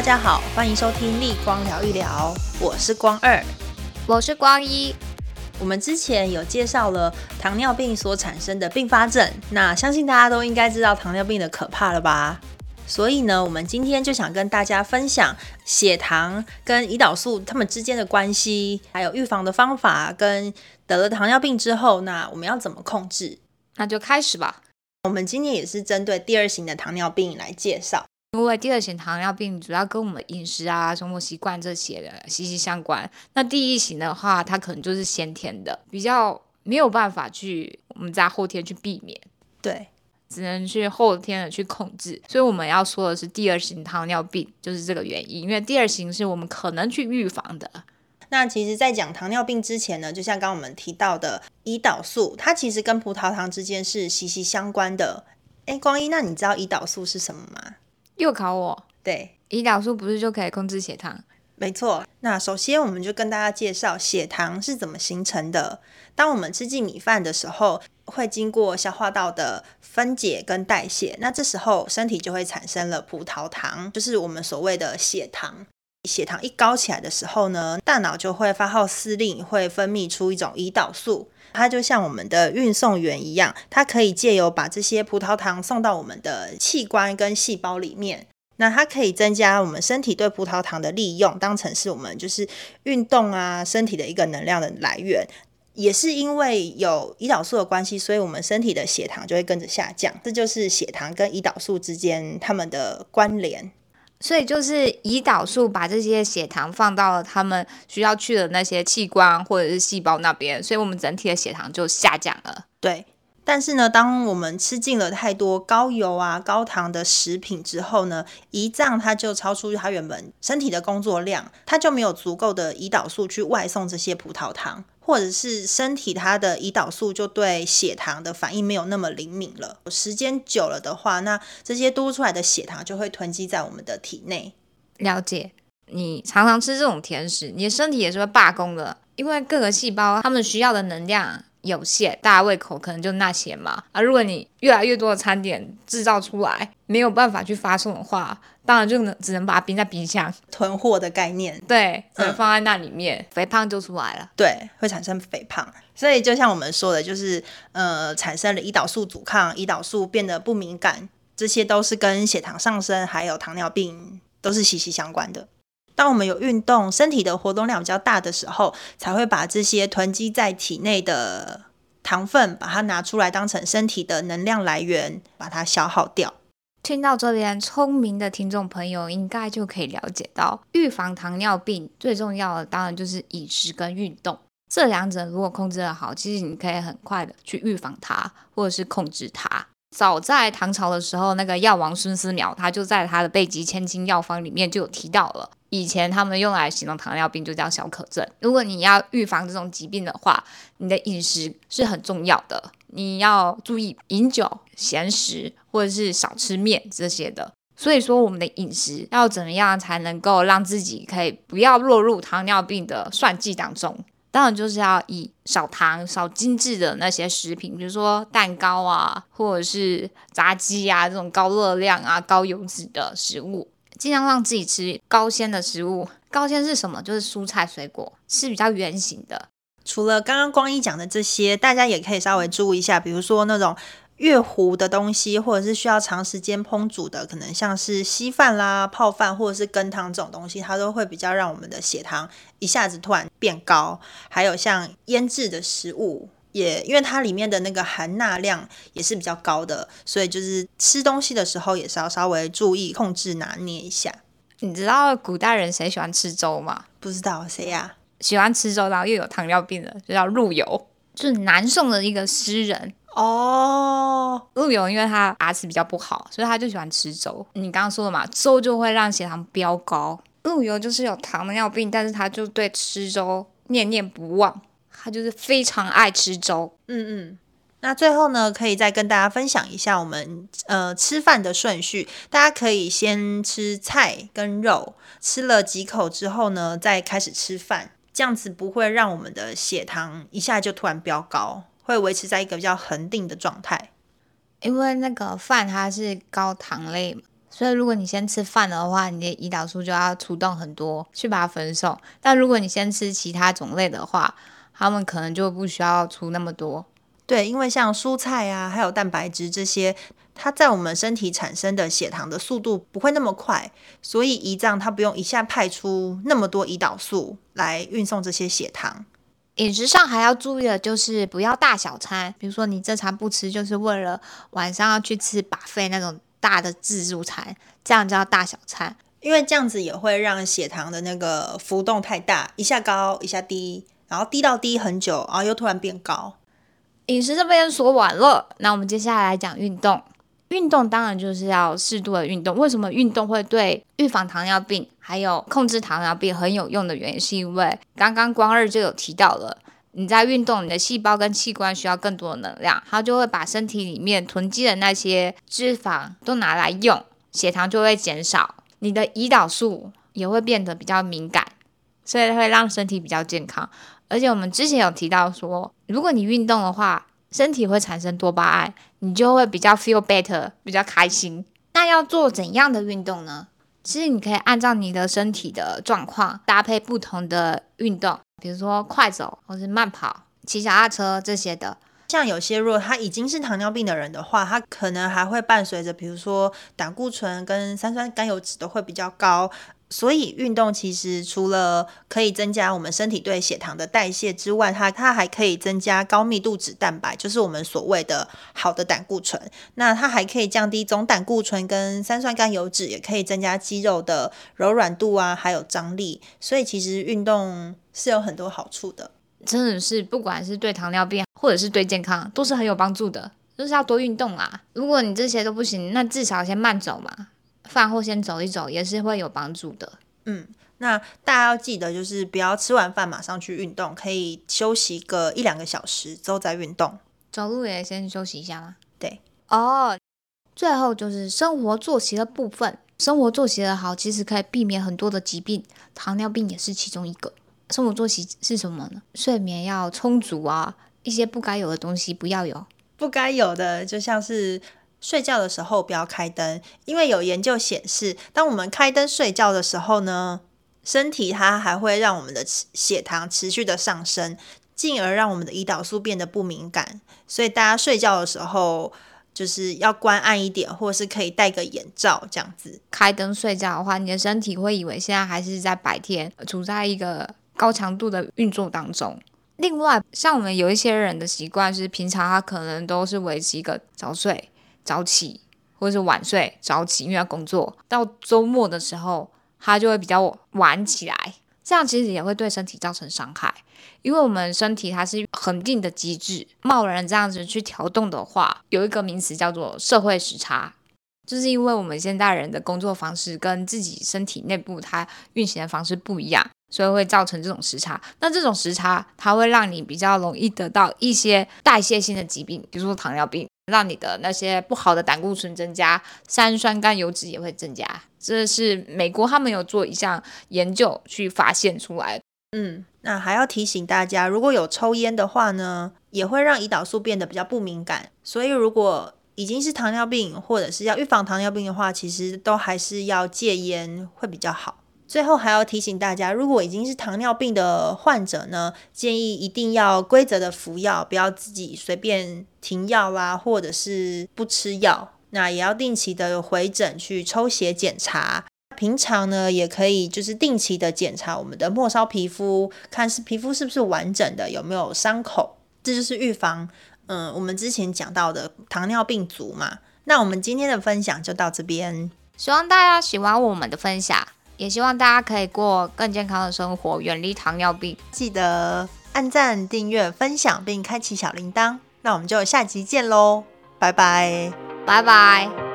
大家好，歡迎收聽《立光聊一聊》，我是光二，我是光一。我們之前有介紹了糖尿病所產生的併發症，那相信大家都應該知道糖尿病的可怕了吧？所以呢，我們今天就想跟大家分享血糖跟胰島素它們之間的關係，還有預防的方法，跟得了糖尿病之後，那我們要怎麼控制？那就開始吧。我們今天也是針對第二型的糖尿病來介紹。因為第二型糖尿病主要跟我們飲食啊、生活習慣這些的息息相關。那第一型的話，它可能就是先天的，比較沒有辦法去我們在後天去避免，對，只能去後天的去控制。所以我們要說的是第二型糖尿病就是這個原因，因為第二型是我們可能去預防的。那其實，在講糖尿病之前呢，就像剛剛我們提到的，胰島素它其實跟葡萄糖之間是息息相關的。哎，光一，那你知道胰島素是什麼嗎？又考我？對，胰島素不是就可以控制血糖？沒錯。那首先我們就跟大家介紹血糖是怎麼形成的。當我們吃進米飯的時候，會經過消化道的分解跟代謝，那這時候身體就會產生了葡萄糖，就是我們所謂的血糖。血糖一高起來的時候呢，大腦就會發號施令，會分泌出一種胰島素。它就像我們的運送員一樣，它可以借由把這些葡萄糖送到我們的器官跟細胞裡面。那它可以增加我們身體對葡萄糖的利用，當成是我們就是運動啊身體的一個能量的來源。也是因為有胰島素的關係，所以我們身體的血糖就會跟着下降。這就是血糖跟胰島素之間它們的關聯。所以就是胰島素把這些血糖放到了他們需要去的那些器官或者是細胞那邊，所以我們整體的血糖就下降了。對，但是呢，當我們吃進了太多高油啊、高糖的食品之後呢，胰臟它就超出它原本身體的工作量，它就沒有足夠的胰島素去外送這些葡萄糖。或者是身體它的胰島素就對血糖的反應沒有那麼靈敏了，時間久了的話，那這些多出來的血糖就會囤積在我們的體內。了解，你常常吃這種甜食，你的身體也是會罷工的，因為各個細胞它們需要的能量。有限，大家胃口可能就那些嘛啊！如果你越來越多的餐點製造出來，沒有辦法去發送的話，當然就能只能把它冰在冰箱囤貨的概念，對，只、嗯、能放在那裡面，肥胖就出來了，對，會產生肥胖。所以就像我們說的，就是呃，產生了胰島素阻抗，胰島素變得不敏感，這些都是跟血糖上升還有糖尿病都是息息相關的。當我們有運動，身體的活動量比較大的時候，才會把這些囤積在體內的糖分，把它拿出來當成身體的能量來源，把它消耗掉。聽到這邊，聰明的聽眾朋友應該就可以了解到，預防糖尿病最重要的，當然就是飲食跟運動。這兩者如果控制的好，其實你可以很快的去預防它，或者是控制它。早在唐朝的時候，那個藥王孫思邈，他就在他的《備急千金要方》裡面就有提到了。以前他們用來形容糖尿病就叫“消渴症”。如果你要預防這種疾病的話，你的飲食是很重要的。你要注意飲酒、鹹食或者是少吃麵這些的。所以說，我們的飲食要怎麼樣才能夠讓自己可以不要落入糖尿病的算計當中？當然就是要以少糖、少精致的那些食品，比如說蛋糕啊，或者是炸雞啊，這種高熱量啊、高油脂的食物。儘量讓自己吃高纖的食物，高纖是什麼？就是蔬菜、水果是比較圓形的。除了剛剛光一講的這些，大家也可以稍微注意一下，比如說那種越糊的東西，或者是需要長時間烹煮的，可能像是稀飯啦、泡飯，或者是羹湯這種東西，它都會比較讓我們的血糖一下子突然變高。還有像醃制的食物。也因為它裡面的那個含鈉量也是比較高的，所以就是吃東西的時候也是要稍微注意控制拿捏一下。你知道古代人誰喜歡吃粥嗎？不知道誰呀、啊？喜歡吃粥然後又有糖尿病的，就叫陸游，就是南宋的一個詩人。哦、oh，陸游因為他牙齒比較不好，所以他就喜歡吃粥。你剛剛說的嘛，粥就會讓血糖飆高。陸游就是有糖尿病，但是他就對吃粥念念不忘。他就是非常愛吃粥，嗯嗯。那最後呢，可以再跟大家分享一下我們呃吃飯的順序。大家可以先吃菜跟肉，吃了幾口之後呢，再開始吃飯，這樣子不會讓我們的血糖一下就突然飆高，會維持在一個比較恆定的狀態。因為那個飯它是高糖類，所以如果你先吃飯的話，你的胰島素就要出動很多去把它分送。但如果你先吃其他種類的話，他們可能就不需要出那麼多，對，因為像蔬菜啊，還有蛋白質這些，它在我們身體產生的血糖的速度不會那麼快，所以胰臟它不用一下派出那麼多胰島素來運送這些血糖。飲食上還要注意的就是不要大小餐，比如說你這餐不吃，就是為了晚上要去吃 buffet 那種大的自助餐，這樣叫大小餐，因為這樣子也會讓血糖的那個浮動太大，一下高一下低。然後低到低很久，然後又突然變高。飲食這邊說完了，那我們接下來，來講運動，接下來來講運動。運動當然就是要適度的運動。為什麼運動會對預防糖尿病還有控制糖尿病很有用的原因，是因為剛剛光二就有提到了，你在運動，你的細胞跟器官需要更多的能量，它就會把身體裡面囤積的那些脂肪都拿來用，血糖就會減少，你的胰島素也會變得比較敏感，所以會讓身體比較健康。而且我們之前有提到說，如果你運動的話，身體會產生多巴胺，你就會比較 feel better，比較開心。那要做怎樣的運動呢？其實你可以按照你的身體的狀況搭配不同的運動，比如說快走，或是慢跑、騎腳踏車這些的。像有些如果他已經是糖尿病的人的話，他可能還會伴隨着，比如說膽固醇跟三酸甘油脂都會比較高。所以，運動其實除了可以增加我們身體對血糖的代謝之外，它它還可以增加高密度脂蛋白，就是我們所謂的好的膽固醇。那它還可以降低總膽固醇跟三酸甘油脂，也可以增加肌肉的柔軟度啊，還有張力。所以其實運動是有很多好處的，真的是不管是對糖尿病或者是對健康都是很有幫助的，就是要多運動啊。如果你這些都不行，那至少先慢走嘛。飯後先走一走也是會有幫助的。嗯，那大家要記得，就是不要吃完飯馬上去運動，可以休息個一兩個小時之後再運動。走路也先休息一下嘛？對。哦，oh, 最後就是生活作息的部分。生活作息的好，其實可以避免很多的疾病，糖尿病也是其中一個。生活作息是什麼呢？睡眠要充足啊，一些不該有的東西不要有。不該有的，就像是。睡覺的時候不要開燈，因為有研究顯示，當我們開燈睡覺的時候呢，身體它還會讓我們的血糖持續的上升，進而讓我們的胰島素變得不敏感。所以大家睡覺的時候就是要關暗一點，或是可以戴個眼罩這樣子。開燈睡覺的話，你的身體會以為現在還是在白天，處在一個高強度的運作當中。另外，像我們有一些人的習慣是，平常他可能都是維持一個早睡。早起或者是晚睡，早起因為要工作，到周末的時候，他就會比較晚起來，這樣其實也會對身體造成傷害，因為我們身體它是恆定的機制，貿然這樣子去調動的話，有一個名詞叫做社會時差，就是因為我們現代人的工作方式跟自己身體內部它運行的方式不一樣，所以會造成這種時差。那這種時差它會讓你比較容易得到一些代謝性的疾病，比如說糖尿病。讓你的那些不好的膽固醇增加，三酸甘油脂也會增加，這是美國他們有做一項研究去發現出來的。嗯，那還要提醒大家，如果有抽菸的話呢，也會讓胰島素變得比較不敏感。所以，如果已經是糖尿病，或者是要預防糖尿病的話，其實都還是要戒菸會比較好。最後還要提醒大家，如果已經是糖尿病的患者呢，建議一定要規則的服藥，不要自己隨便停藥啊，或者是不吃藥。那也要定期的回診去抽血檢查。平常呢，也可以就是定期的檢查我們的末梢皮膚，看是皮膚是不是完整的，有沒有傷口。這就是預防，嗯，我們之前講到的糖尿病足嘛。那我們今天的分享就到這邊，希望大家喜歡我們的分享。也希望大家可以過更健康的生活，遠離糖尿病。記得按讚、訂閱、分享，並開啟小鈴鐺。那我們就下期見嘍，拜拜，拜拜。